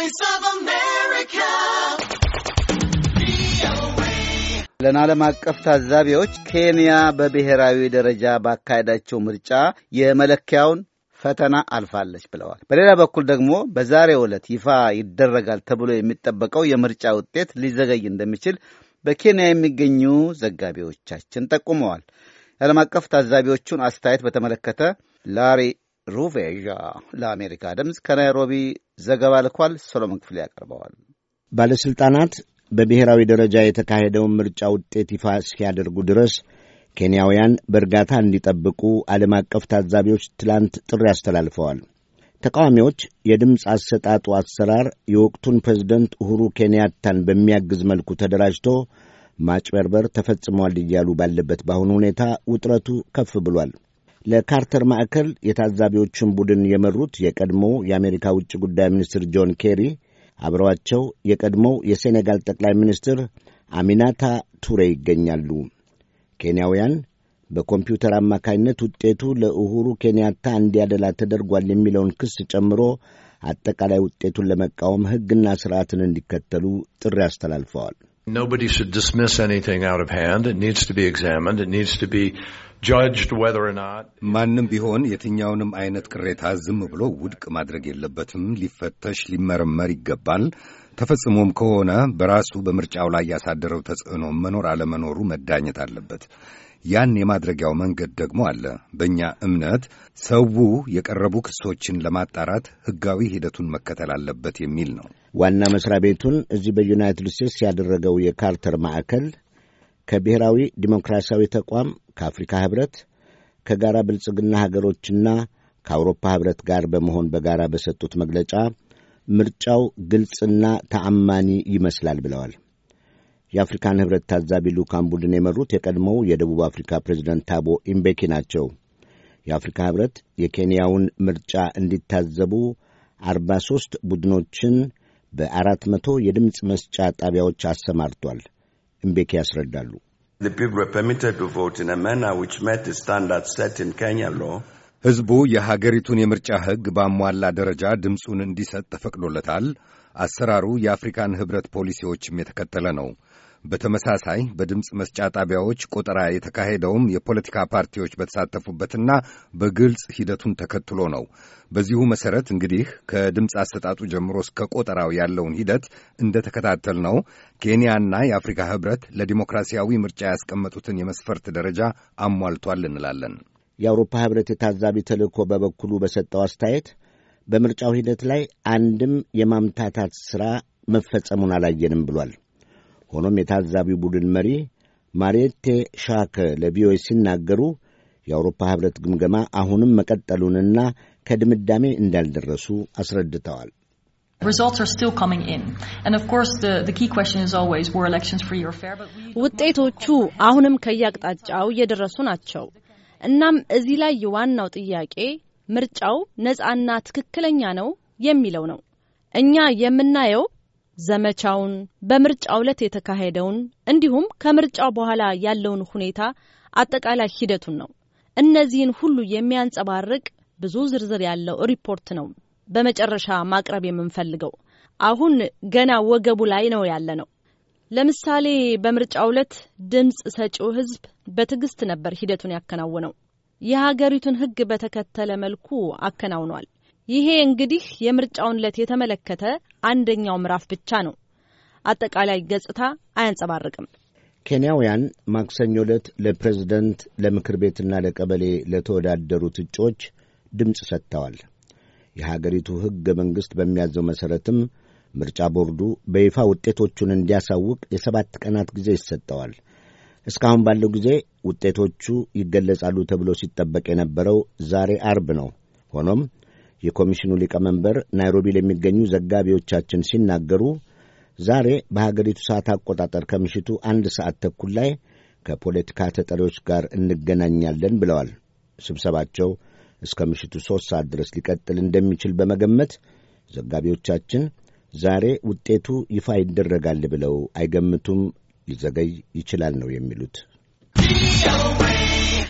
Voice of ለዓለም አቀፍ ታዛቢዎች ኬንያ በብሔራዊ ደረጃ ባካሄዳቸው ምርጫ የመለኪያውን ፈተና አልፋለች ብለዋል። በሌላ በኩል ደግሞ በዛሬው ዕለት ይፋ ይደረጋል ተብሎ የሚጠበቀው የምርጫ ውጤት ሊዘገይ እንደሚችል በኬንያ የሚገኙ ዘጋቢዎቻችን ጠቁመዋል። የዓለም አቀፍ ታዛቢዎቹን አስተያየት በተመለከተ ላሪ ሩቬዣ ለአሜሪካ ድምፅ ከናይሮቢ ዘገባ ልኳል። ሰሎሞን ክፍሌ ያቀርበዋል። ባለሥልጣናት በብሔራዊ ደረጃ የተካሄደውን ምርጫ ውጤት ይፋ እስኪያደርጉ ድረስ ኬንያውያን በእርጋታ እንዲጠብቁ ዓለም አቀፍ ታዛቢዎች ትላንት ጥሪ አስተላልፈዋል። ተቃዋሚዎች የድምፅ አሰጣጡ አሰራር የወቅቱን ፕሬዝደንት ኡሁሩ ኬንያታን በሚያግዝ መልኩ ተደራጅቶ ማጭበርበር ተፈጽሟል እያሉ ባለበት በአሁኑ ሁኔታ ውጥረቱ ከፍ ብሏል። ለካርተር ማዕከል የታዛቢዎቹን ቡድን የመሩት የቀድሞ የአሜሪካ ውጭ ጉዳይ ሚኒስትር ጆን ኬሪ አብረዋቸው የቀድሞው የሴኔጋል ጠቅላይ ሚኒስትር አሚናታ ቱሬ ይገኛሉ። ኬንያውያን በኮምፒውተር አማካይነት ውጤቱ ለእሁሩ ኬንያታ እንዲያደላ ተደርጓል የሚለውን ክስ ጨምሮ አጠቃላይ ውጤቱን ለመቃወም ሕግና ስርዓትን እንዲከተሉ ጥሪ አስተላልፈዋል። ማንም ቢሆን የትኛውንም አይነት ቅሬታ ዝም ብሎ ውድቅ ማድረግ የለበትም። ሊፈተሽ፣ ሊመረመር ይገባል። ተፈጽሞም ከሆነ በራሱ በምርጫው ላይ ያሳደረው ተጽዕኖ መኖር አለመኖሩ መዳኘት አለበት። ያን የማድረጊያው መንገድ ደግሞ አለ። በእኛ እምነት ሰው የቀረቡ ክሶችን ለማጣራት ሕጋዊ ሂደቱን መከተል አለበት የሚል ነው። ዋና መስሪያ ቤቱን እዚህ በዩናይትድ ስቴትስ ያደረገው የካርተር ማዕከል ከብሔራዊ ዲሞክራሲያዊ ተቋም ከአፍሪካ ኅብረት ከጋራ ብልጽግና ሀገሮችና ከአውሮፓ ኅብረት ጋር በመሆን በጋራ በሰጡት መግለጫ ምርጫው ግልጽና ተአማኒ ይመስላል ብለዋል። የአፍሪካን ኅብረት ታዛቢ ልዑካን ቡድን የመሩት የቀድሞው የደቡብ አፍሪካ ፕሬዚደንት ታቦ ኢምቤኪ ናቸው። የአፍሪካ ኅብረት የኬንያውን ምርጫ እንዲታዘቡ አርባ ሦስት ቡድኖችን በአራት መቶ የድምፅ መስጫ ጣቢያዎች አሰማርቷል። እምቤኪ ያስረዳሉ። ሕዝቡ የሀገሪቱን የምርጫ ሕግ ባሟላ ደረጃ ድምፁን እንዲሰጥ ተፈቅዶለታል። አሰራሩ የአፍሪካን ኅብረት ፖሊሲዎችም የተከተለ ነው። በተመሳሳይ በድምፅ መስጫ ጣቢያዎች ቆጠራ የተካሄደውም የፖለቲካ ፓርቲዎች በተሳተፉበትና በግልጽ ሂደቱን ተከትሎ ነው። በዚሁ መሰረት እንግዲህ ከድምፅ አሰጣጡ ጀምሮ እስከ ቆጠራው ያለውን ሂደት እንደተከታተል ነው ኬንያና የአፍሪካ ህብረት ለዲሞክራሲያዊ ምርጫ ያስቀመጡትን የመስፈርት ደረጃ አሟልቷል እንላለን። የአውሮፓ ህብረት የታዛቢ ተልእኮ በበኩሉ በሰጠው አስተያየት በምርጫው ሂደት ላይ አንድም የማምታታት ሥራ መፈጸሙን አላየንም ብሏል። ሆኖም የታዛቢው ቡድን መሪ ማሬቴ ሻክ ለቪኦኤ ሲናገሩ የአውሮፓ ኅብረት ግምገማ አሁንም መቀጠሉንና ከድምዳሜ እንዳልደረሱ አስረድተዋል። ውጤቶቹ አሁንም ከየአቅጣጫው እየደረሱ ናቸው። እናም እዚህ ላይ የዋናው ጥያቄ ምርጫው ነጻና ትክክለኛ ነው የሚለው ነው። እኛ የምናየው ዘመቻውን፣ በምርጫው ዕለት የተካሄደውን እንዲሁም ከምርጫው በኋላ ያለውን ሁኔታ አጠቃላይ ሂደቱን ነው። እነዚህን ሁሉ የሚያንጸባርቅ ብዙ ዝርዝር ያለው ሪፖርት ነው በመጨረሻ ማቅረብ የምንፈልገው። አሁን ገና ወገቡ ላይ ነው ያለ ነው። ለምሳሌ በምርጫው ዕለት ድምፅ ሰጪው ህዝብ በትዕግስት ነበር ሂደቱን ያከናወነው። የሀገሪቱን ህግ በተከተለ መልኩ አከናውኗል። ይሄ እንግዲህ የምርጫውን ዕለት የተመለከተ አንደኛው ምዕራፍ ብቻ ነው። አጠቃላይ ገጽታ አያንጸባርቅም። ኬንያውያን ማክሰኞ ዕለት ለፕሬዝደንት ለምክር ቤትና ለቀበሌ ለተወዳደሩት እጩዎች ድምፅ ሰጥተዋል። የሀገሪቱ ሕገ መንግሥት በሚያዘው መሠረትም ምርጫ ቦርዱ በይፋ ውጤቶቹን እንዲያሳውቅ የሰባት ቀናት ጊዜ ይሰጠዋል። እስካሁን ባለው ጊዜ ውጤቶቹ ይገለጻሉ ተብሎ ሲጠበቅ የነበረው ዛሬ አርብ ነው። ሆኖም የኮሚሽኑ ሊቀመንበር ናይሮቢ ለሚገኙ ዘጋቢዎቻችን ሲናገሩ ዛሬ በሀገሪቱ ሰዓት አቆጣጠር ከምሽቱ አንድ ሰዓት ተኩል ላይ ከፖለቲካ ተጠሪዎች ጋር እንገናኛለን ብለዋል። ስብሰባቸው እስከ ምሽቱ ሦስት ሰዓት ድረስ ሊቀጥል እንደሚችል በመገመት ዘጋቢዎቻችን ዛሬ ውጤቱ ይፋ ይደረጋል ብለው አይገምቱም። ሊዘገይ ይችላል ነው የሚሉት።